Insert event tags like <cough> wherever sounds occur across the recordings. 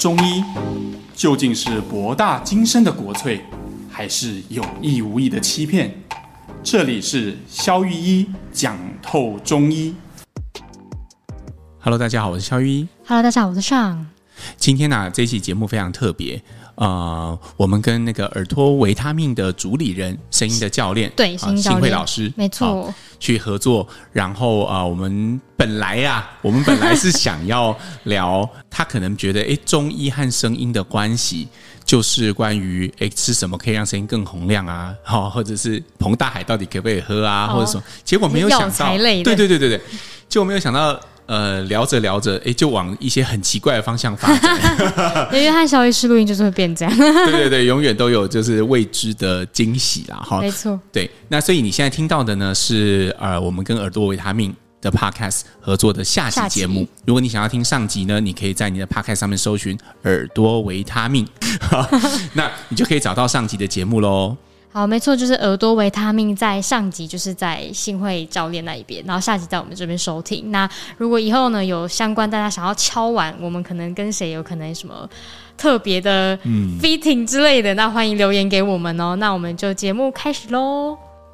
中醫究竟是博大精深的國粹，還是有意無意的欺騙？這裡是蕭御醫講透中醫。Hello，大家好，我是蕭御醫。Hello，大家好，我是尚。今天呢、啊，這期節目非常特別。呃，我們跟那個耳朵維他命的主理人聲音的教練，對，新慧老師，沒錯，啊、去合作。然後啊、呃，我們本來呀、啊，我們本來是想要聊 <laughs> 他可能覺得，哎，中醫和聲音的關係就是關於哎吃什麼可以讓聲音更洪亮啊，啊，或者是澎大海到底可不可以喝啊，哦、或者什麼結果沒有想到，藥材類的，對對對對對，結果沒有想到。呃，聊着聊着，欸，就往一些很奇怪的方向發展。因 <laughs> 為和蕭醫師錄音就是會變這樣。 <laughs> 對對對，永遠都有就是未知的驚喜啦，哈。沒錯。對，那所以你現在聽到的呢，是呃，我們跟耳朵維他命的 podcast 合作的下集節目期。如果你想要聽上集呢，你可以在你的 podcast 上面搜尋耳朵維他命， <laughs> <laughs> 那你就可以找到上集的節目嘍。好，沒錯，就是耳朵維他命，在上集就是在信惠教練那一邊，然後下集在我們這邊收聽。那如果以後呢，有相關大家想要敲碗，我們可能跟誰有可能什麼特別的 fitting 之類的，嗯，那歡迎留言給我們哦，喔。那我們就節目開始嘍。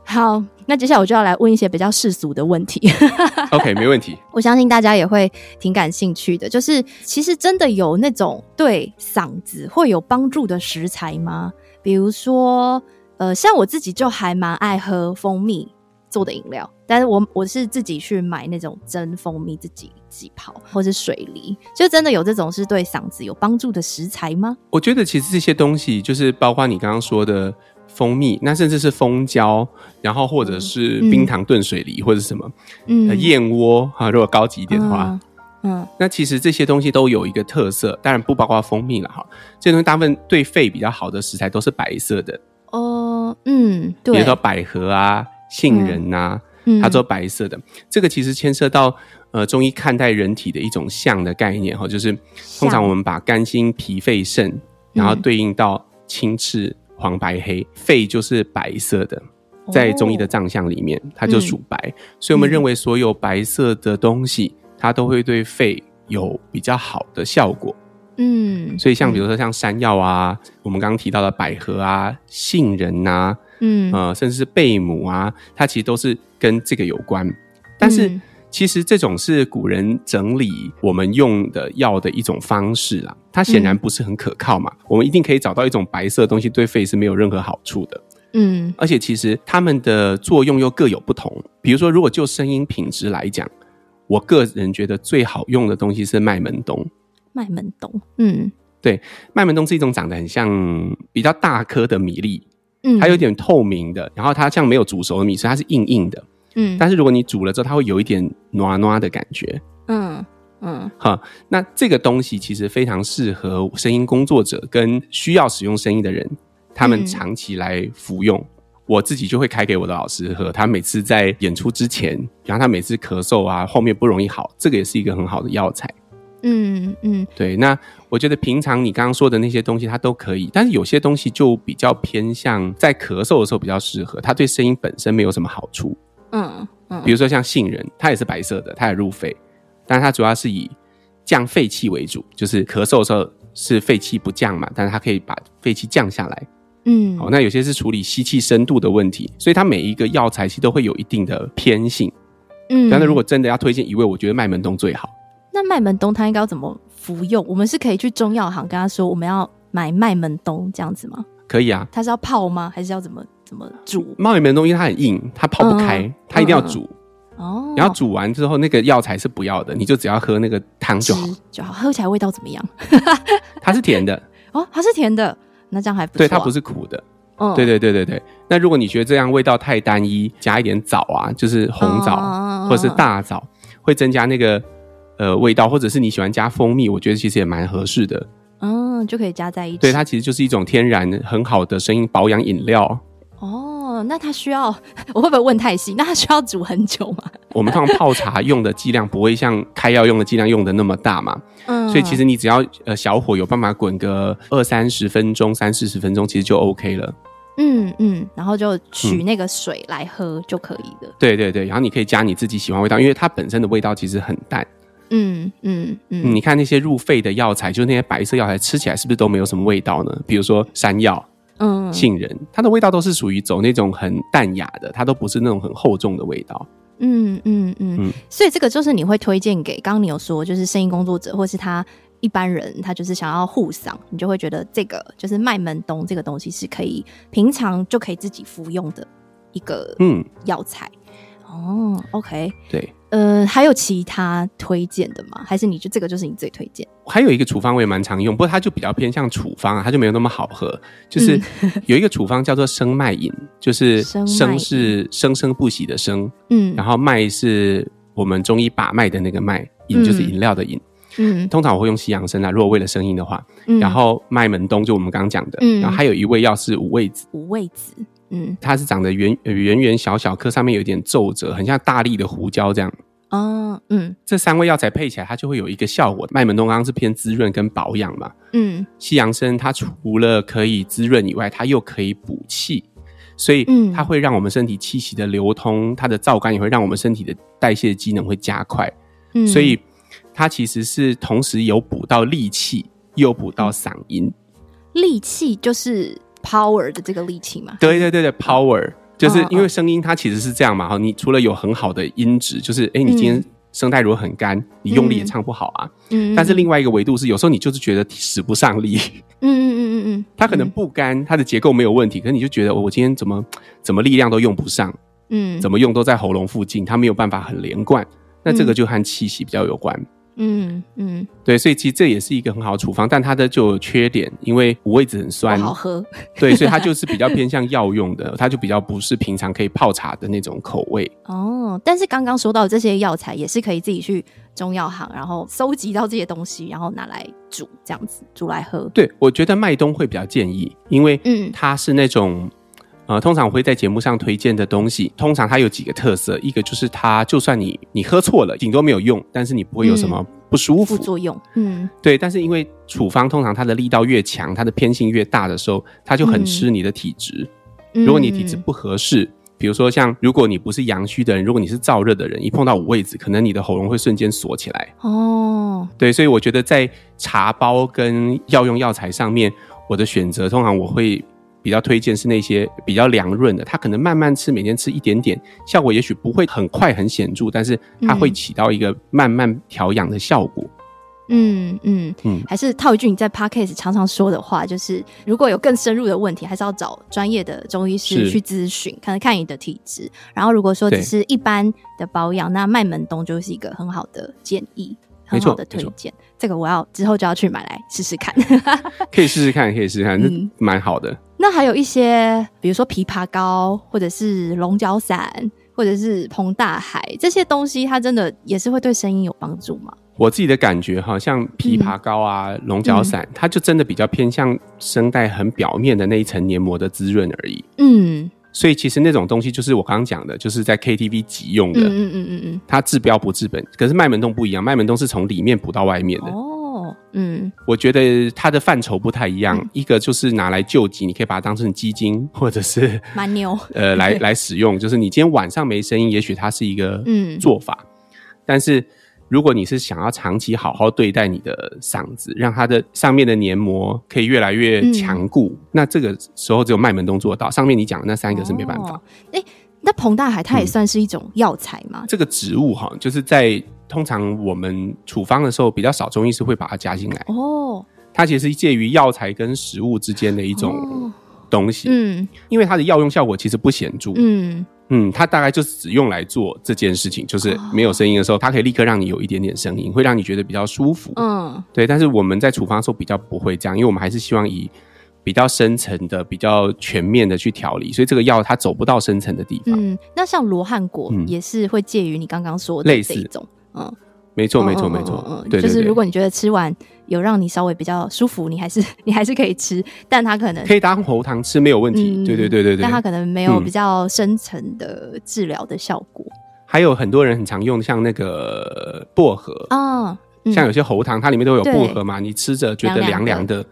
好，那接下來我就要來問一些比較世俗的問題。 <laughs> OK，沒問題。我相信大家也會挺感興趣的，就是其實真的有那種對嗓子會有幫助的食材嗎？比如說。呃，像我自己就還蠻愛喝蜂蜜做的飲料，但是我我是自己去買那種真蜂蜜自己自己泡，或者水梨，就真的有這種是對嗓子有幫助的食材嗎？我覺得其實這些東西就是包括你剛剛說的蜂蜜，那甚至是蜂膠，然後或者是冰糖燉水梨或者什麼，嗯，嗯，燕窩哈，嗯，如果高級一點的話，嗯，嗯，那其實這些東西都有一個特色，當然不包括蜂蜜了哈，這些東西大部分對肺比較好的食材都是白色的。嗯對，比如說百合啊、杏仁吶，它、嗯、做白色的、嗯，這個其實牽涉到呃中醫看待人體的一種象的概念哈，就是通常我們把肝、心、脾、肺、腎，然後對應到青、赤、黃白、白、黑，肺就是白色的，在中醫的臟象裡面，它、哦、就屬白、嗯，所以我們認為所有白色的東西，它、嗯、都會對肺有比較好的效果。嗯，所以像比如說像山藥啊、嗯，我們剛剛提到的百合啊、杏仁吶、啊，嗯呃，甚至是貝母啊，它其實都是跟這個有關。但是、嗯、其實這種是古人整理我們用的藥的一種方式啦、啊，它顯然不是很可靠嘛、嗯。我們一定可以找到一種白色的東西對肺是沒有任何好處的。嗯，而且其實它們的作用又各有不同。比如說，如果就聲音品質來講，我個人覺得最好用的東西是麥門冬。麥門冬，嗯，對，麥門冬是一種長得很像比較大顆的米粒，嗯，它有點透明的，然後它像沒有煮熟的米，所以它是硬硬的，嗯，但是如果你煮了之後，它會有一點暖暖的感覺，嗯嗯，哈，那這個東西其實非常適合聲音工作者跟需要使用聲音的人，他們長期來服用，嗯，我自己就會開給我的老師喝，他每次在演出之前，然後他每次咳嗽啊，後面不容易好，這個也是一個很好的藥材。嗯嗯，對，那我覺得平常你剛剛說的那些東西它都可以，但是有些東西就比較偏向在咳嗽的時候比較適合，它對聲音本身沒有什麼好處。嗯嗯，比如說像杏仁，它也是白色的，它也入肺，但是它主要是以降肺氣為主，就是咳嗽的時候是肺氣不降嘛，但是它可以把肺氣降下來。嗯，好，那有些是處理吸氣深度的問題，所以它每一個藥材其實都會有一定的偏性。嗯，但是如果真的要推薦一味，我覺得麥門冬最好。那麥門冬它應該要怎麼服用？我們是可以去中藥行跟他說我們要買麥門冬這樣子嗎？可以啊，它是要泡嗎？還是要怎麼怎麼煮？麥門冬因為它很硬，它泡不開，嗯、它一定要煮、嗯、然後煮完之後，那個藥材是不要的，你就只要喝那個湯就好就好。喝起來味道怎麼樣？ <laughs> 它是甜的哦，它是甜的。那這樣還不錯。啊，對，它不是苦的。哦、嗯。對對對對對。那如果你覺得這樣味道太單一，加一點棗啊，就是紅棗或者是大棗。嗯嗯嗯嗯，會增加那個。呃，味道或者是你喜歡加蜂蜜，我覺得其實也蠻合適的。嗯，就可以加在一起。對，它其實就是一種天然很好的聲音保養飲料。哦，那它需要我會不會問太細？那它需要煮很久嗎？我們通常泡茶用的劑量 <laughs> 不會像開藥用的劑量用的那麼大嘛。嗯。所以其實你只要呃小火有辦法滾個二三十分鐘、三四十分鐘，其實就 OK 了。嗯嗯，然後就取那個水來喝就可以了。嗯、對對對，然後你可以加你自己喜歡味道，因為它本身的味道其實很淡。嗯嗯嗯，嗯，你看那些入肺的藥材，就是那些白色藥材，吃起來是不是都沒有什麼味道呢？比如說山藥，嗯，杏仁，它的味道都是屬於走那種很淡雅的，它都不是那種很厚重的味道。嗯嗯嗯，所以這個就是你會推薦給，剛剛你有說就是聲音工作者或是他一般人，他就是想要護嗓，你就會覺得這個就是麥門冬這個東西是可以平常就可以自己服用的一個嗯藥材。嗯哦、oh，OK，對，呃，還有其他推薦的嗎？還是你就這個就是你最推薦？還有一個處方我也蠻常用，不過它就比較偏向處方，啊，它就沒有那麼好喝，嗯。就是有一個處方叫做生脈飲， <laughs> 就是生是生生不息的生，嗯，然後脈是我們中醫把脈的那個脈，飲就是飲料的飲，嗯，通常我會用西洋參啊，如果為了聲音的話，嗯，然後麥門冬就我們剛講的，嗯，然後還有一味藥是五味子，五味子。嗯，它是長得圓圓圓小小顆，上面有一點皺褶，很像大粒的胡椒這樣。哦，嗯，這三味藥材配起來，它就會有一個效果。麥門冬剛剛是偏滋潤跟保養嘛，嗯，西洋參它除了可以滋潤以外，它又可以補氣，所以它會讓我們身體氣息的流通，它的燥乾也會讓我們身體的代謝機能會加快。嗯，所以它其實是同時有補到力氣，又補到嗓音。嗯，力氣就是。power 的這個力氣嘛，對對對，對 power 就是因為聲音它其實是這樣嘛，你除了有很好的音質，就是誒、欸、你今天聲帶如果很乾、嗯，你用力也唱不好啊。嗯。嗯，但是另外一個維度是，有時候你就是覺得使不上力。嗯嗯嗯嗯嗯。它可能不乾，它的結構沒有問題，可是你就覺得、嗯哦、我今天怎麼怎麼力量都用不上。嗯。怎麼用都在喉嚨附近，它沒有辦法很連貫，那這個就和氣息比較有關。嗯嗯，對，所以其實這也是一個很好的處方，但它的就有缺點因為五味子很酸，好喝。對，所以它就是比較偏向藥用的， <laughs> 它就比較不是平常可以泡茶的那種口味。哦，但是剛剛說到這些藥材，也是可以自己去中藥行，然後蒐集到這些東西，然後拿來煮，這樣子煮來喝。對，我覺得麥冬會比較建議，因為嗯，它是那種。呃，通常我會在節目上推薦的東西，通常它有幾個特色，一個就是它，就算你你喝錯了，頂多沒有用，但是你不會有什麼不舒服、嗯、副作用。嗯，對。但是因為處方通常它的力道越強，它的偏性越大的時候，它就很吃你的體質。嗯，如果你體質不合適，嗯、比如說像如果你不是陽虛的人，如果你是燥熱的人，一碰到五味子，可能你的喉嚨會瞬間鎖起來。哦，對。所以我覺得在茶包跟藥用藥材上面，我的選擇通常我會、嗯。比較推薦是那些比較涼潤的，它可能慢慢吃，每天吃一點點，效果也許不會很快很顯著、嗯，但是它會起到一個慢慢調養的效果。嗯嗯嗯，還是套一句你在 podcast 常常說的話，就是如果有更深入的問題，還是要找專業的中醫師去諮詢，可能看，看你的體質。然後如果說只是一般的保養，那麥門冬就是一個很好的建議，很好的推薦。這個我要之後就要去買來試試看， <laughs> 看，可以試試看，可以試試看，是蠻好的。那還有一些，比如說枇杷膏，或者是龍角散，或者是澎大海這些東西，它真的也是會對聲音有幫助嗎？我自己的感覺哈，像枇杷膏啊、嗯、龍角散，它就真的比較偏向聲帶很表面的那一層黏膜的滋潤而已。嗯，所以其實那種東西就是我剛剛講的，就是在 KTV 急用的。嗯嗯嗯嗯，它治標不治本。可是麥門冬不一樣，麥門冬是從裡面補到外面的。哦。嗯，我覺得它的範疇不太一樣、嗯。一個就是拿來救急，你可以把它當成雞精，或者是蠻牛呃來來使用。就是你今天晚上沒聲音，也許它是一個嗯做法嗯。但是如果你是想要長期好好對待你的嗓子，讓它的上面的黏膜可以越來越強固、嗯，那這個時候只有麥門冬做到。上面你講的那三個是沒辦法。哎、哦欸，那澎大海他也算是一種藥材嗎？嗯、這個植物哈，就是在。通常我們處方的時候比較少，中醫師會把它加進來。哦，它其實是介於藥材跟食物之間的一種東西、哦。嗯，因為它的藥用效果其實不顯著。嗯嗯，它大概就只用來做這件事情，就是沒有聲音的時候、哦，它可以立刻讓你有一點點聲音，會讓你覺得比較舒服。嗯，對。但是我們在處方的時候比較不會這樣，因為我們還是希望以比較深層的、比較全面的去調理，所以這個藥它走不到深層的地方。嗯，那像羅漢果也是會介於你剛剛說的、嗯、類似一種。哦、沒錯，嗯，沒錯、嗯，沒錯，沒錯。嗯，對對對，就是如果你覺得吃完有讓你稍微比較舒服，你還是你還是可以吃，但它可能可以當喉糖吃沒有問題。對、嗯，對，對，對，對，對，但它可能沒有比較深層的治療的效果、嗯。還有很多人很常用，像那個薄荷哦、嗯，像有些喉糖，它裡面都有薄荷嘛，你吃着覺得涼涼的，的，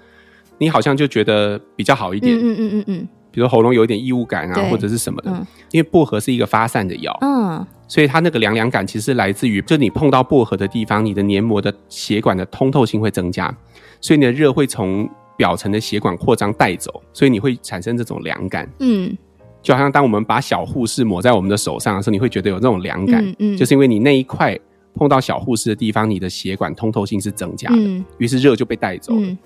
你好像就覺得比較好一點。嗯嗯嗯嗯嗯。比如說喉嚨有一點異物感啊，或者是什麼的、嗯，因為薄荷是一個發散的藥。嗯。所以它那個涼涼感其實來自於，就是你碰到薄荷的地方，你的黏膜的血管的通透性會增加，所以你的熱會從表層的血管擴張帶走，所以你會產生這種涼感。嗯，就好像當我們把小護士抹在我們的手上的時候，你會覺得有那種涼感。嗯，嗯，就是因為你那一塊碰到小護士的地方，你的血管通透性是增加的，嗯、於是熱就被帶走了。嗯，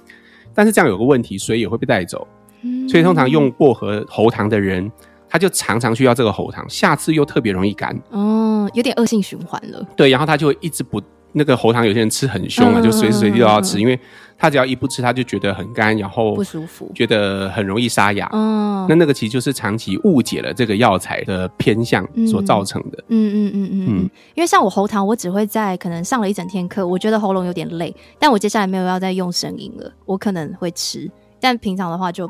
但是這樣有個問題，水也會被帶走。嗯，所以通常用薄荷喉糖的人。嗯他就常常需要這個喉糖，下次又特別容易乾。嗯，有點惡性循環了。對，然後他就會一直不那個喉糖，有些人吃很兇啊，嗯，就隨時隨地都要吃，嗯，因為他只要一不吃，他就覺得很乾，然後不舒服，覺得很容易沙啞。嗯，那那個其實就是長期誤解了這個藥材的偏向所造成的。嗯嗯嗯嗯嗯，因為像我喉糖，我只會在可能上了一整天課，我覺得喉嚨有點累，但我接下來沒有要再用聲音了，我可能會吃，但平常的話就。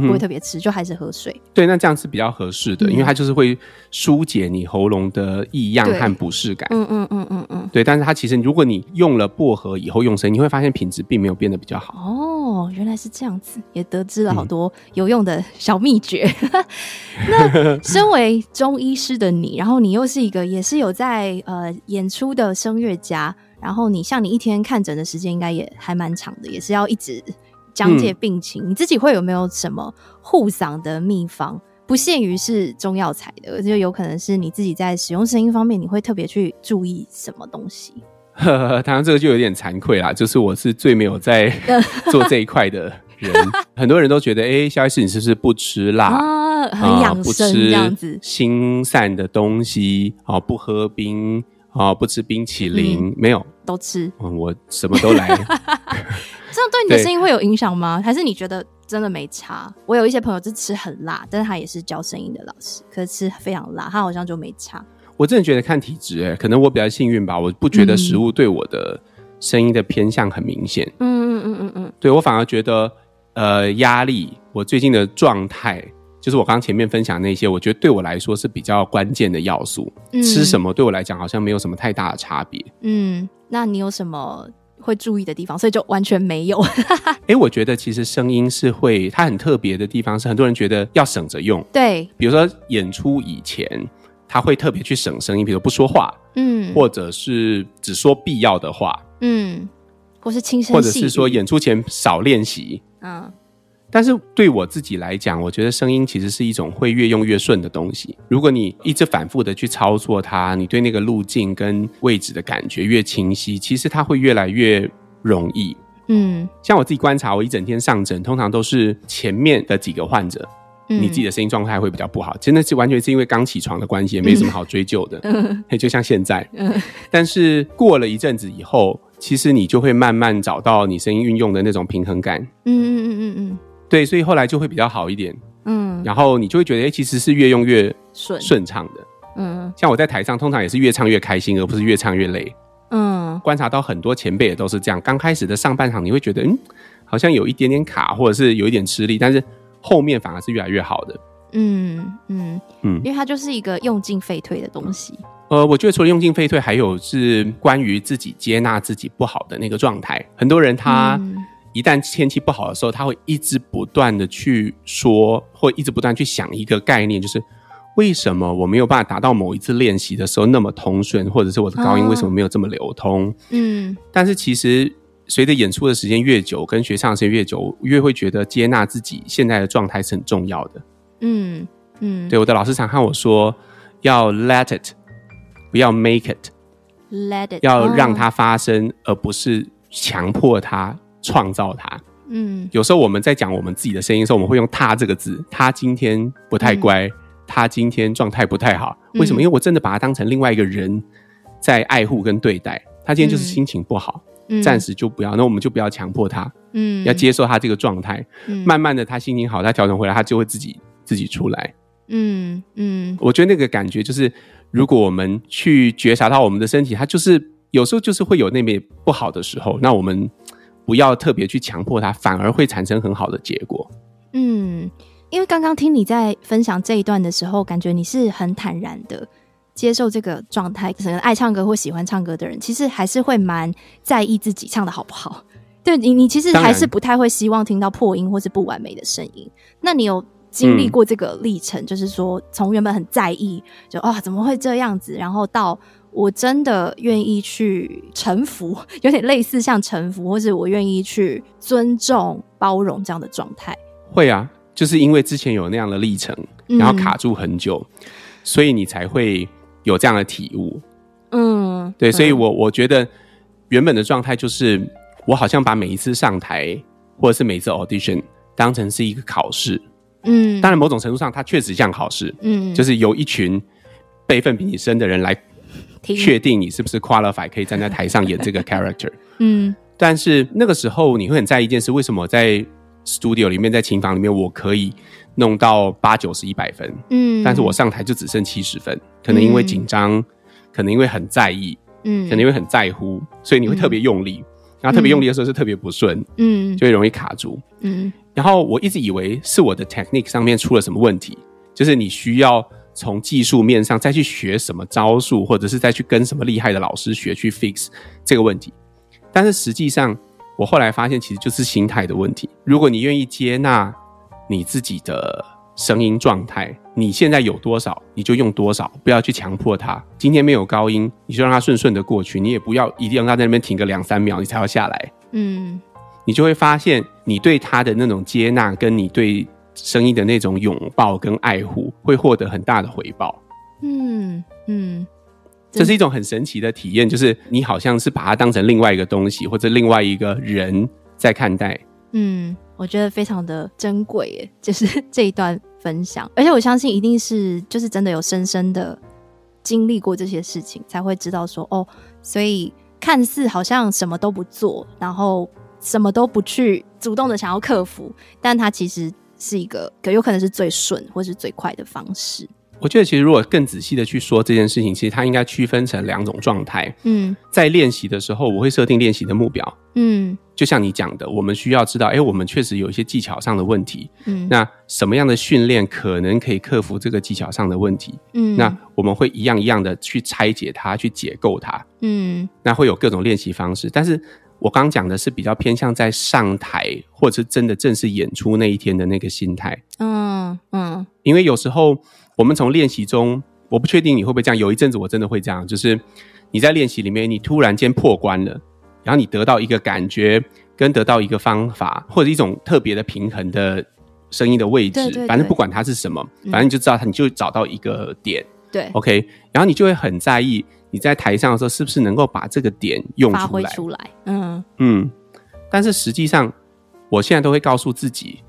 不會特別吃，就還是喝水，嗯。對，那這樣是比較合適的，嗯，因為它就是會疏解你喉嚨的異樣和不適感。嗯嗯嗯嗯嗯。對，但是它其實，如果你用了薄荷以後用聲，你會發現品質並沒有變得比較好。哦，原來是這樣子，也得知了好多有用的小秘訣。嗯、 <laughs> 那身為中醫師的你，然後你又是一個也是有在呃演出的聲樂家，然後你像你一天看診的時間應該也還蠻長的，也是要一直。講解病情，嗯，你自己會有沒有什麼護嗓的秘方？不限於是中藥材的，就有可能是你自己在使用聲音方面，你會特別去注意什麼東西？當然這個就有點慚愧啦，就是我是最沒有在 <laughs> 做這一塊的人。 <laughs> 很多人都覺得，哎、欸，蕭醫師你是不是不吃辣啊？很養生這樣子，啊、辛散的東西啊，不喝冰啊，不吃冰淇淋，嗯，沒有，都吃，嗯，我什麼都來。 <laughs> 這樣對你的聲音會有影響嗎？還是你覺得真的沒差？我有一些朋友是吃很辣，但是他也是教聲音的老師，可是吃非常辣，他好像就沒差。我真的覺得看體質，欸，哎，可能我比較幸運吧，我不覺得食物對我的聲音的偏向很明顯。嗯嗯嗯嗯嗯，對我反而覺得，呃，壓力，我最近的狀態，就是我剛剛前面分享那些，我覺得對我來說是比較關鍵的要素。嗯，吃什麼對我來講好像沒有什麼太大的差別。嗯，那你有什麼？會注意的地方，所以就完全沒有 <laughs> 。哎、欸，我覺得其實聲音是會，它很特別的地方是，很多人覺得要省着用。對，比如說演出以前，他會特別去省聲音，比如說不說話，嗯，或者是只說必要的話，嗯，或是輕聲，或者是說演出前少練習，嗯。但是對我自己來講，我覺得聲音其實是一種會越用越順的東西。如果你一直反覆的去操作它，你對那個路徑跟位置的感覺越清晰，其實它會越來越容易。嗯，像我自己觀察，我一整天上診，通常都是前面的幾個患者，你自己的聲音狀態會比較不好。真的是完全是因為剛起床的關係，沒什麼好追究的。嗯、 <laughs> 就像現在，但是過了一陣子以後，其實你就會慢慢找到你聲音運用的那種平衡感。嗯嗯嗯嗯嗯。對，所以後來就會比較好一點。嗯，然後你就會覺得，哎、欸，其實是越用越順順暢的。嗯，像我在台上，通常也是越唱越開心，而不是越唱越累。嗯，觀察到很多前輩也都是這樣。剛開始的上半場，你會覺得，嗯，好像有一點點卡，或者是有一點吃力，但是後面反而是越來越好的。嗯嗯嗯，因為它就是一個用進廢退的東西，嗯。呃，我覺得除了用進廢退，還有是關於自己接納自己不好的那個狀態。很多人他，嗯一旦天氣不好的時候，他會一直不斷的去說，或一直不斷去想一個概念，就是為什麼我沒有辦法達到某一次練習的時候那麼通順，或者是我的高音為什麼沒有這麼流通？啊、嗯。但是其實隨着演出的時間越久，跟學唱時間越久，越會覺得接納自己現在的狀態是很重要的。嗯嗯。對，我的老師常和我說，要 let it，不要 make it，let it，要讓它發生，哦、而不是強迫它。創造它，嗯，有時候我們在講我們自己的聲音的時候，我們會用“他”這個字。他今天不太乖，嗯、他今天狀態不太好、嗯，為什麼？因為我真的把他當成另外一個人在愛護跟對待。他今天就是心情不好，暫時就不要、嗯，那我們就不要強迫他，嗯，要接受他這個狀態、嗯。慢慢的，他心情好，他調整回來，他就會自己自己出來。嗯嗯，我覺得那個感覺就是，如果我們去覺察到我們的身體，它就是有時候就是會有那邊不好的時候，那我們。不要特別去強迫他，反而會產生很好的結果。嗯，因為剛剛聽你在分享這一段的時候，感覺你是很坦然的接受這個狀態。可能愛唱歌或喜歡唱歌的人，其實還是會蠻在意自己唱得好不好。對你，你其實還是不太會希望聽到破音或是不完美的聲音。那你有經歷過這個歷程，嗯，就是說從原本很在意，就啊，哦，怎麼會這樣子，然後到。我真的願意去臣服，有點類似像臣服，或者我願意去尊重、包容這樣的狀態。會啊，就是因為之前有那樣的歷程，然後卡住很久、嗯，所以你才會有這樣的體悟。嗯，對，所以我、嗯、我覺得原本的狀態就是，我好像把每一次上台或者是每一次 audition 當成是一個考試。嗯，當然某種程度上它確實像考試。嗯，就是由一群輩分比你深的人來。確定你是不是 qualify 可以站在台上演這個 character， <laughs> 嗯，但是那個時候你會很在意一件事，為什麼我在 studio 裡面，在琴房裡面我可以弄到八九十一百分，嗯，但是我上台就只剩七十分，可能因為緊張，嗯，可能因為很在意，嗯，可能因為很在乎，所以你會特別用力，嗯，然後特別用力的時候是特別不順，嗯，就會容易卡住，嗯，然後我一直以為是我的 technique 上面出了什麼問題，就是你需要。從技術面上再去學什麼招數，或者是再去跟什麼厲害的老師學去 fix 這個問題。但是實際上，我後來發現其實就是心態的問題。如果你願意接納你自己的聲音狀態，你現在有多少你就用多少，不要去強迫它。今天沒有高音，你就讓它順順的過去。你也不要一定要讓它在那邊停個兩三秒，你才要下來。嗯，你就會發現你對它的那種接納，跟你對。聲音的那種擁抱跟愛護，會獲得很大的回報。嗯嗯，這是一種很神奇的體驗，就是你好像是把它當成另外一個東西或者另外一個人在看待。嗯，我覺得非常的珍貴，耶，就是這一段分享，而且我相信一定是就是真的有深深的經歷過這些事情，才會知道說哦，所以看似好像什麼都不做，然後什麼都不去主動的想要克服，但他其實。是一個可有可能是最順或是最快的方式。我覺得其實如果更仔細的去說這件事情，其實它應該區分成兩種狀態。嗯，在練習的時候，我會設定練習的目標。嗯，就像你講的，我們需要知道，哎、欸，我們確實有一些技巧上的問題。嗯，那什麼樣的訓練可能可以克服這個技巧上的問題？嗯，那我們會一樣一樣的去拆解它，去解構它。嗯，那會有各種練習方式，但是。我剛講的是比較偏向在上台或者是真的正式演出那一天的那個心態。嗯嗯。因為有時候我們從練習中，我不確定你會不會這樣。有一陣子我真的會這樣，就是你在練習裡面，你突然間破關了，然後你得到一個感覺，跟得到一個方法，或者一種特別的平衡的聲音的位置。對對對。反正不管它是什麼，反正你就知道，嗯。你就找到一個點。對。OK，然後你就會很在意。你在台上的時候，是不是能夠把這個點用出來？發揮出來，嗯嗯，但是實際上，我現在都會告訴自己，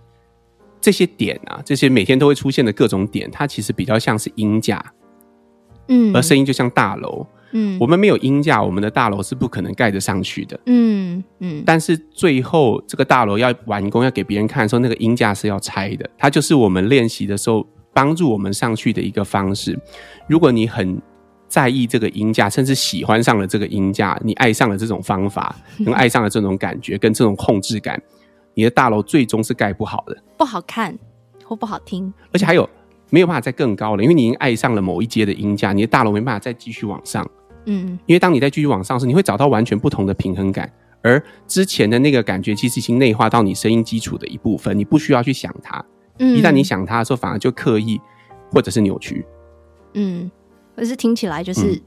這些點啊，這些每天都會出現的各種點，它其實比較像是鷹架，嗯，而聲音就像大樓，嗯，我們沒有鷹架，我們的大樓是不可能蓋得上去的，嗯嗯。但是最後這個大樓要完工、要給別人看的時候，那個鷹架是要拆的。它就是我們練習的時候幫助我們上去的一個方式。如果你很。在意這個音階，甚至喜歡上了這個音階，你愛上了這種方法，跟愛上了這種感覺，跟這種控制感，嗯、你的大樓最終是蓋不好的，不好看或不好聽，而且還有沒有辦法再更高了，因為你已經愛上了某一階的音階，你的大樓沒辦法再繼續往上。嗯，因為當你再繼續往上時，你會找到完全不同的平衡感，而之前的那個感覺其實已經內化到你聲音基礎的一部分，你不需要去想它。嗯，一旦你想它的時候，反而就刻意或者是扭曲。嗯。可是聽起來就是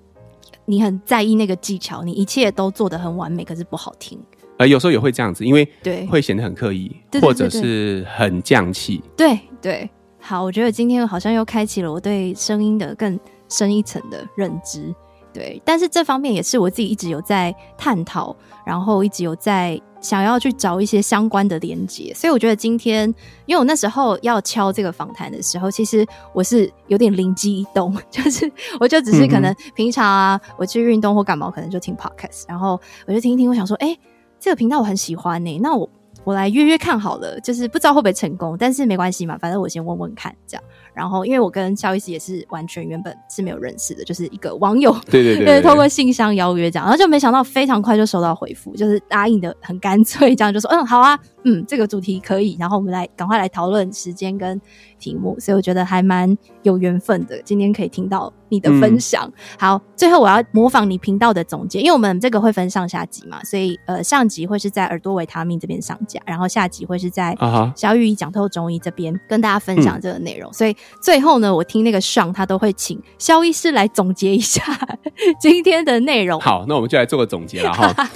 你很在意那個技巧，嗯，你一切都做得很完美，可是不好聽。呃，有時候也會這樣子，因為對會顯得很刻意，對對對對對，或者是很匠氣。對對，對，對，對，對，好，我覺得今天好像又開啟了我對聲音的更深一層的認知。對，但是這方面也是我自己一直有在探討，然後一直有在想要去找一些相關的連接，所以我覺得今天，因為我那時候要敲這個訪談的時候，其實我是有點靈機一動，就是我就只是可能平常啊，嗯、我去運動或感冒，可能就聽 podcast，然後我就聽一聽，我想說，哎、欸，這個頻道我很喜歡呢、欸，那我。我來約約看好了，就是不知道會不會成功，但是沒關係嘛，反正我先問問看這樣。然後因為我跟蕭醫師也是完全原本是沒有認識的，就是一個網友，對對對，對，也是透過信箱邀約這樣，然後就沒想到非常快就收到回復，就是答應的很乾脆，這樣就說嗯好啊，嗯這個主題可以，然後我們來趕快來討論時間跟題目，所以我覺得還蠻有緣分的。今天可以聽到你的分享，嗯、好，最後我要模仿你頻道的總結，因為我們這個會分上下集嘛，所以呃，上集會是在耳朵維他命這邊上架，然後下集會是在蕭御醫講透中醫這邊跟大家分享這個內容、啊嗯。所以最後呢，我聽那個上他都會請蕭醫師來總結一下 <laughs> 今天的內容。好，那我們就來做個總結了哈。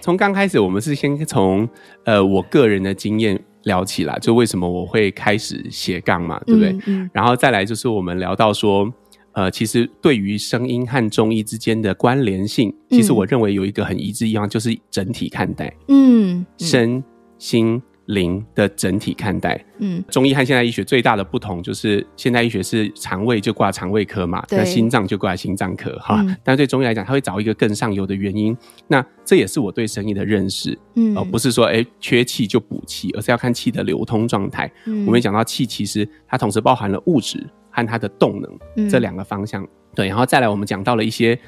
從 <laughs> 剛開始，我們是先從呃我個人的經驗。聊起來，就為什麼我會開始斜槓嘛，對不對、嗯嗯？然後再來就是我們聊到說，呃，其實對於聲音和中醫之間的關聯性、嗯，其實我認為有一個很一致一樣，就是整體看待，嗯，身心。靈的整體看待，嗯，中醫和現代醫學最大的不同就是，現代醫學是腸胃就掛腸胃科嘛，那心臟就掛心臟科哈、嗯。但對中醫來講，它會找一個更上游的原因。那這也是我對生意的認識，嗯，而、呃、不是說誒、欸、缺氣就補氣，而是要看氣的流通狀態、嗯。我們講到氣，其實它同時包含了物質和它的動能、嗯、這兩個方向。對，然後再來我們講到了一些。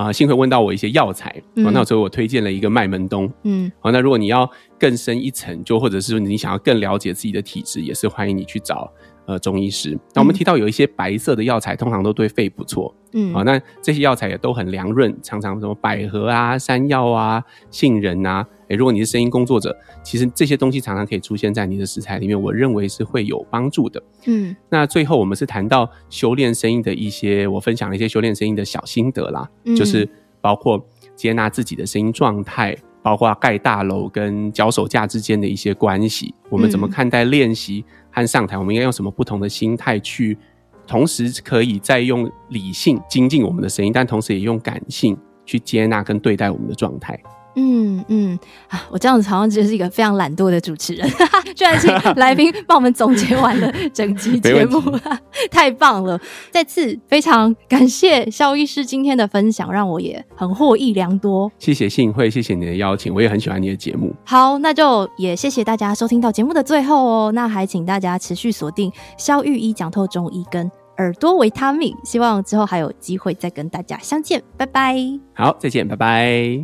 啊，幸虧問到我一些藥材，啊、嗯，然後那所以我推薦了一個麥門冬，嗯，然後那如果你要更深一層，就或者是說你想要更了解自己的體質，也是歡迎你去找。呃，中醫師，那我們提到有一些白色的藥材，嗯，通常都對肺不錯，嗯，啊，哦，那這些藥材也都很涼潤，常常什麼百合啊、山藥啊、杏仁啊，欸，如果你是聲音工作者，其實這些東西常常可以出現在你的食材裡面，我認為是會有幫助的，嗯。那最後我們是談到修煉聲音的一些，我分享了一些修煉聲音的小心得啦，嗯，就是包括接納自己的聲音狀態。包括蓋大樓跟腳手架之間的一些關係，我們怎麼看待練習和上台，嗯。我們應該用什麼不同的心態去？同時可以再用理性精進我們的聲音，但同時也用感性去接納跟對待我們的狀態。嗯嗯，啊、嗯，我這樣子好像就是一個非常懶惰的主持人。 <laughs> 居然請來賓幫我們總結完了整集節目， <laughs> 太棒了！再次非常感謝蕭醫師今天的分享，讓我也很獲益良多。謝謝信會，謝謝你的邀請，我也很喜歡你的節目。好，那就也謝謝大家收聽到節目的最後哦。那還請大家持續鎖定蕭御醫講透中醫跟耳朵維他命，希望之後還有機會再跟大家相見。拜拜。好，再見，拜拜。